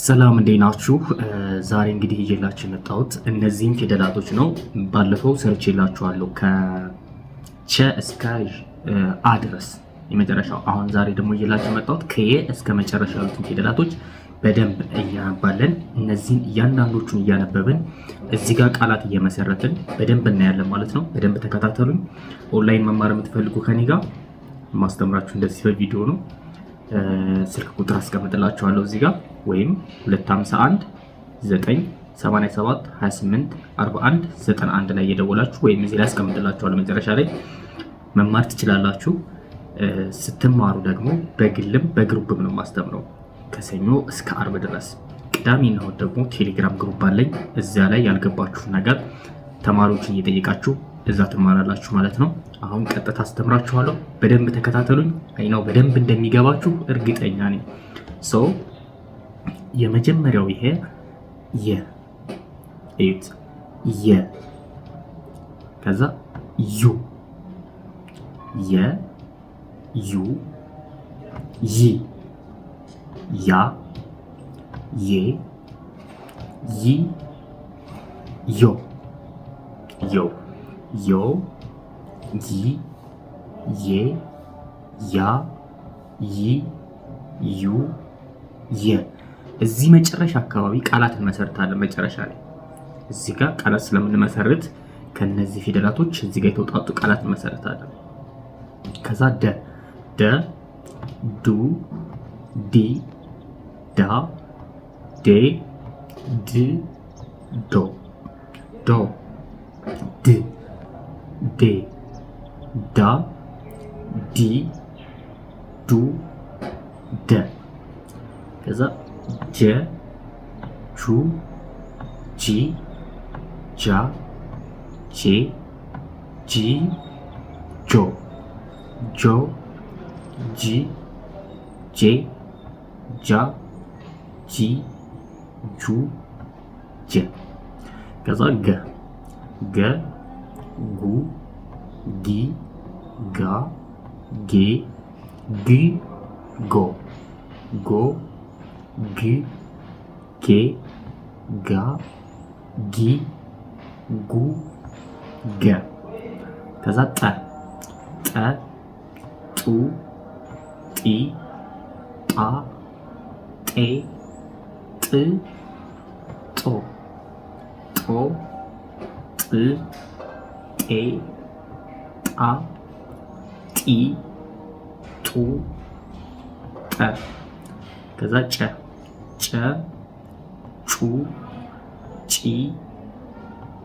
ሰላም እንዴት ናችሁ? ዛሬ እንግዲህ እየላችሁ የመጣሁት እነዚህም ፊደላቶች ነው። ባለፈው ሰርቼላችኋለሁ ከቸ እስከ አ ድረስ የመጨረሻው። አሁን ዛሬ ደግሞ እየላችሁ የመጣሁት ከየ እስከ መጨረሻ ያሉትን ፊደላቶች በደንብ እያነባለን። እነዚህን እያንዳንዶቹን እያነበብን እዚህ ጋር ቃላት እየመሰረትን በደንብ እናያለን ማለት ነው። በደንብ ተከታተሉኝ። ኦንላይን መማር የምትፈልጉ ከኔ ጋር ማስተምራችሁ እንደዚህ በቪዲዮ ነው። ስልክ ቁጥር አስቀምጥላችኋለሁ እዚህ ጋር ወይም 251 987 28 41 91 ላይ እየደወላችሁ ወይም እዚህ ላይ አስቀምጥላችኋለሁ። መጨረሻ ላይ መማር ትችላላችሁ። ስትማሩ ደግሞ በግልም በግሩፕም ነው ማስተምረው ከሰኞ እስከ አርብ ድረስ። ቅዳሜ እና እሁድ ደግሞ ቴሌግራም ግሩፕ አለኝ። እዚያ ላይ ያልገባችሁ ነገር ተማሪዎችን እየጠየቃችሁ እዛ ትማራላችሁ ማለት ነው። አሁን ቀጥታ አስተምራችኋለሁ። በደንብ ተከታተሉኝ። አይናው በደንብ እንደሚገባችሁ እርግጠኛ ነኝ። ሶ የመጀመሪያው ይሄ የ እዩት፣ የ ከዛ ዩ የ ዩ ይ ያ የ ይ ዮ ዮ ዮ ይ ዬ ያ ይ ዩ የ እዚህ መጨረሻ አካባቢ ቃላት እንመሰርታለን። መጨረሻ ላይ እዚህ ጋር ቃላት ስለምንመሰርት ከነዚህ ፊደላቶች እዚህ ጋር የተውጣጡ ቃላት እንመሰርታለን። ከዛ ደ ደ ዱ ዲ ዳ ዴ ድ ዶ ዶ ድ ዴ ዳ ዲ ዱ ደ ከዛ ጀ ጁ ጂ ጃ ጄ ጂ ጆ ጆ ጂ ጄ ጃ ጂ ጁ ጀ ከዛ ገ ገ ጉ ጊ ጋ ጌ ግ ጎ ጎ ግ ጌ ጋ ጊ ጉ ገ ከዛ ጠ ጠ ጡ ጢ ጣ ጤ ጥ ጦ ጦ ጥ ጤ ጣ ጢ ጡ ጠ ከዛ ጨ ጨ ጩ ጪ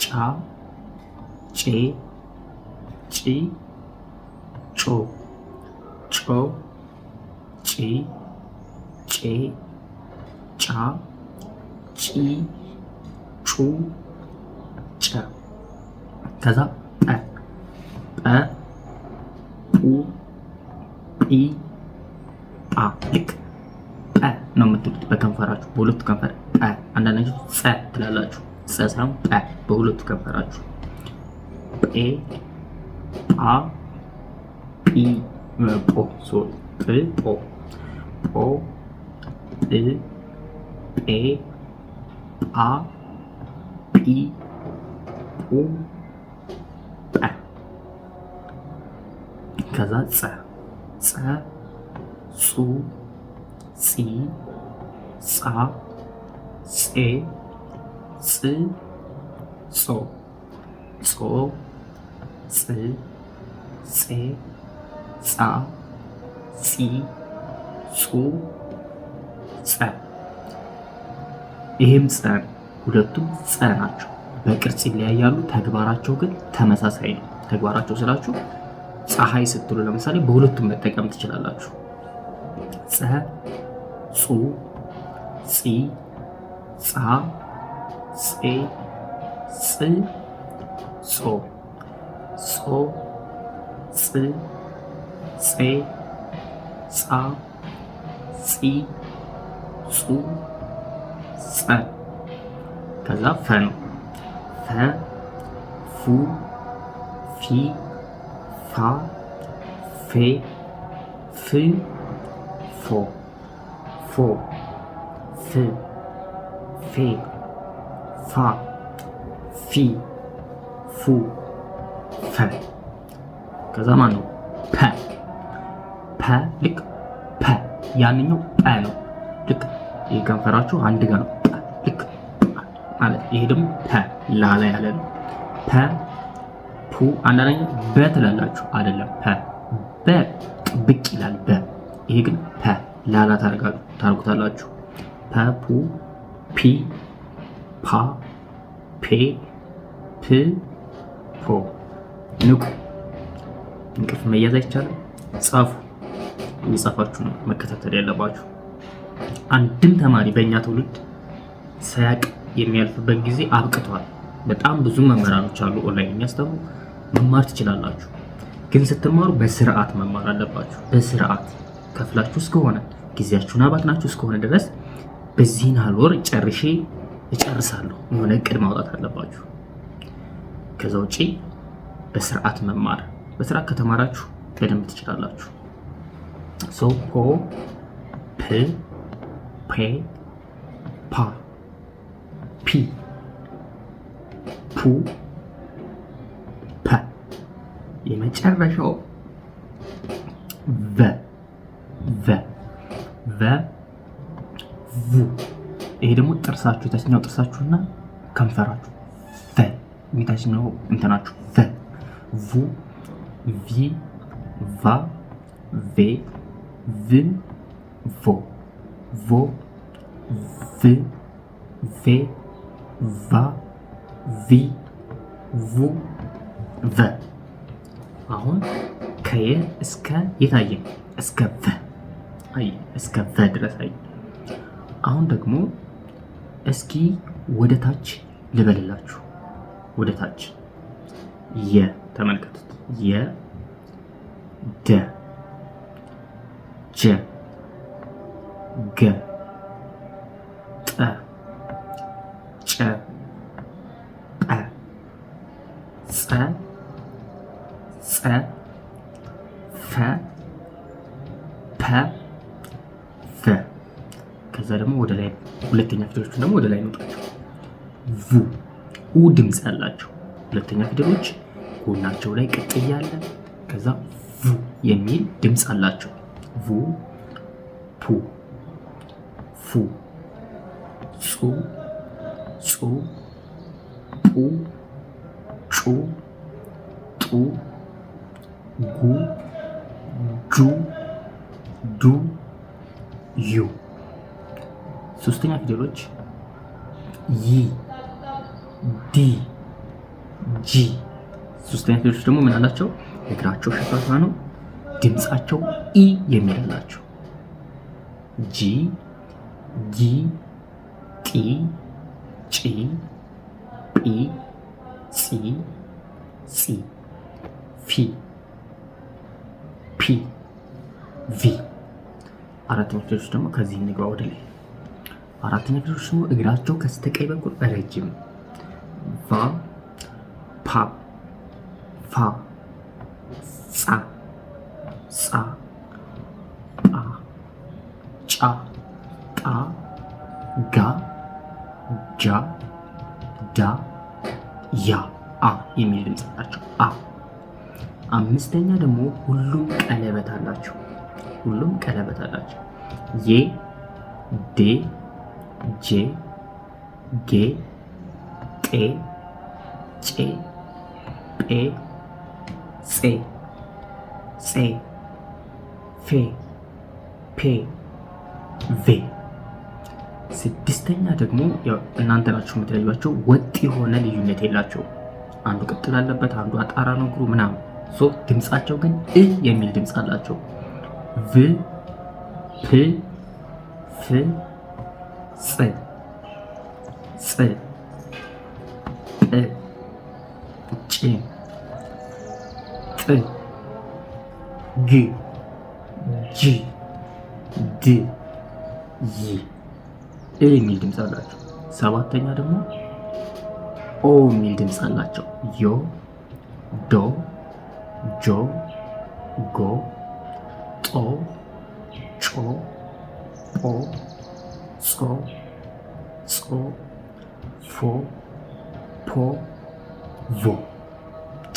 ጫ ጬ ጪ ጮ ጮ ጪ ጬ ጫ ጪ ጩ ጨ ከዛ አ ኡ ጲ ጳ ልክ ጰ ነው የምትሉት በከንፈራችሁ በሁለቱ ከንፈር ጰ አንዳንዳችሁ ጸ ትላላችሁ ጸ ሳይሆን ጰ በሁለቱ ከንፈራችሁ ጴ ጳ ጲ ጶ ሶሪ ጵ ጶ ጶ ጵ ጴ ጳ ጲ ጶ ከዛ ፀ ፀ ፁ ፂ ፃ ጼ ፅ ፆ ፆ ፅ ጼ ፃ ፂ ፁ ፀ ይህም ፀ ሁለቱም ፀ ናቸው። በቅርጽ ይለያያሉ። ተግባራቸው ግን ተመሳሳይ ነው። ተግባራቸው ስላችሁ છાહય સતુર લમસારી બુરુત મેતેકમ ચલાલાચુ છહ સુ ત્સી ત્સા ત્સે ત્સી સો સો ત્સે ત્સે ત્સા ત્સી સુ ત્સા તઝા ફન ફન સુ ત્સી fa, fe, fu, fo, fo, ፍ fe, fa, fi, fu, fe. ከዛ ማን ነው ፐ ፐ ልክ ፐ ያንኛው ጰ ነው። ልክ ይህ ከንፈራችሁ አንድ ጋ ነው ልክ ማለት ይሄ ደግሞ ፐ ላላ ያለ ነው ፐ አንዳንድ በ ትላላችሁ አይደለም ፐ በ ጥብቅ ይላል በ ይሄ ግን ፐ ላላ ታርጉታላችሁ ፐ ፑ ፒ ፓ ፔ ፕ ፖ ንቁ እንቅልፍ መያዝ አይቻልም ጻፉ እየጻፋችሁ ነው መከታተል ያለባችሁ አንድም ተማሪ በእኛ ትውልድ ሳያቅ የሚያልፍበት ጊዜ አብቅቷል በጣም ብዙ መምህራኖች አሉ ኦንላይን የሚያስተምሩ መማር ትችላላችሁ። ግን ስትማሩ በስርዓት መማር አለባችሁ። በስርዓት ከፍላችሁ እስከሆነ ጊዜያችሁን አባክናችሁ እስከሆነ ድረስ በዚህን አልወር ጨርሼ እጨርሳለሁ የሆነ እቅድ ማውጣት አለባችሁ። ከዛ ውጪ በስርዓት መማር፣ በስርዓት ከተማራችሁ በደንብ ትችላላችሁ። ሶ ፖ ፕ ፔ ፓ ፒ ፑ የመጨረሻው ቨ ቨ ቨ ቭ ይሄ ደግሞ ጥርሳችሁ የታችኛው ጥርሳችሁና ከንፈራችሁ ቨ የታችኛው እንትናችሁ ቨ ቪ ቫ ቬ ቭ ቮ ቮ ቭ ቬ ቫ ቪ ቩ ቨ አሁን ከየ እስከ የታየ እስከ ፈ አይ እስከ ፈ ድረስ አይ። አሁን ደግሞ እስኪ ወደ ታች ልበልላችሁ። ወደ ታች የ ተመልከቱት። የ ደ ጀ ገ ጠ ጨ ጠ ጸ ፀ ፈ ፐ ቨ ከዛ ደግሞ ወደ ላይ ሁለተኛ ፊደሎችን ደግሞ ወደ ላይ እንውጣቸው። ቩ ኡ ድምፅ ያላቸው ሁለተኛ ፊደሎች ጎናቸው ላይ ቅጥ ያለ ከዛ ቩ የሚል ድምፅ አላቸው። ቩ ፑ ፉ ጹ ጹ ጡ ጩ ጡ ጉ ጁ ዱ ዩ። ሶስተኛ ፊደሎች ይ ዲ ጂ። ሶስተኛ ፊደሎች ደግሞ ምን አላቸው? እግራቸው ሸፋፋ ነው። ድምፃቸው ኢ የሚል አላቸው። ጂ ጊ ጢ ጪ ጲ ፂ ፂ ፊ ሺ ቪ አራት ፊደሎች ደግሞ ከዚህ እንግባ ወደ ላይ። አራት ፊደሎች ደግሞ እግራቸው ከስተቀኝ በኩል ረጅም ቫ ፓ ፋ ጻ ጻ ጣ ጫ ጣ ጋ ጃ ዳ ያ አ የሚል ድምጽ ናቸው። አ አምስተኛ ደግሞ ሁሉም ቀለበት አላቸው። ሁሉም ቀለበት አላቸው። ዬ ዴ ጄ ጌ ጤ ጬ ጴ ጼ ጼ ፌ ፔ ቬ ስድስተኛ ደግሞ እናንተ ናችሁ የምትለዩቸው። ወጥ የሆነ ልዩነት የላቸው። አንዱ ቅጥል አለበት፣ አንዱ አጣራ ነው እግሩ ምናምን ሶ ድምፃቸው ግን እ የሚል ድምፅ አላቸው። ቭ ፕ ፍ ጽ ጽ ጥ ጭ ጥ ግ ጅ ድ ይ እ የሚል ድምፅ አላቸው። ሰባተኛ ደግሞ ኦ የሚል ድምፅ አላቸው። ዮ ዶ ጆ ጎ ጦ ጮ ጶ ጾ ጾ ፎ ፖ ቮ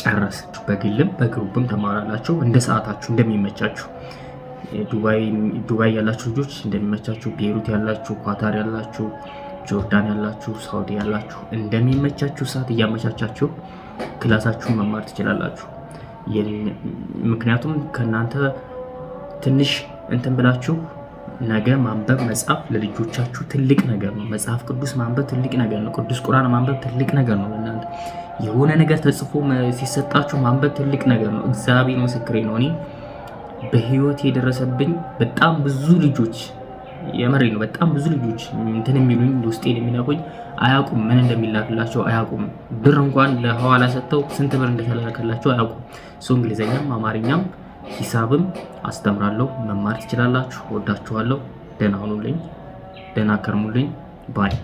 ጨረሰችሁ። በግልም በግሩፕም ተማራላችሁ። እንደ ሰዓታችሁ እንደሚመቻችሁ ዱባይ ያላችሁ ልጆች እንደሚመቻችሁ፣ ቤሩት ያላችሁ፣ ኳታር ያላችሁ፣ ጆርዳን ያላችሁ፣ ሳውዲ ያላችሁ እንደሚመቻችሁ ሰዓት እያመቻቻችሁ ክላሳችሁን መማር ትችላላችሁ። ምክንያቱም ከእናንተ ትንሽ እንትን ብላችሁ ነገ ማንበብ መጽሐፍ ለልጆቻችሁ ትልቅ ነገር ነው። መጽሐፍ ቅዱስ ማንበብ ትልቅ ነገር ነው። ቅዱስ ቁራን ማንበብ ትልቅ ነገር ነው። ለእናንተ የሆነ ነገር ተጽፎ ሲሰጣችሁ ማንበብ ትልቅ ነገር ነው። እግዚአብሔር ምስክሬ ነው። እኔ በህይወት የደረሰብኝ በጣም ብዙ ልጆች የመሬ ነው። በጣም ብዙ ልጆች እንትን የሚሉኝ ውስጤን የሚነቁኝ አያውቁም። ምን እንደሚላክላቸው አያውቁም። ብር እንኳን ለሐዋላ ሰጥተው ስንት ብር እንደተላከላቸው አያውቁም። እሱ እንግሊዘኛም አማርኛም ሂሳብም አስተምራለሁ። መማር ትችላላችሁ። ወዳችኋለሁ። ደህና ሁኑልኝ፣ ደህና ከርሙልኝ ባይ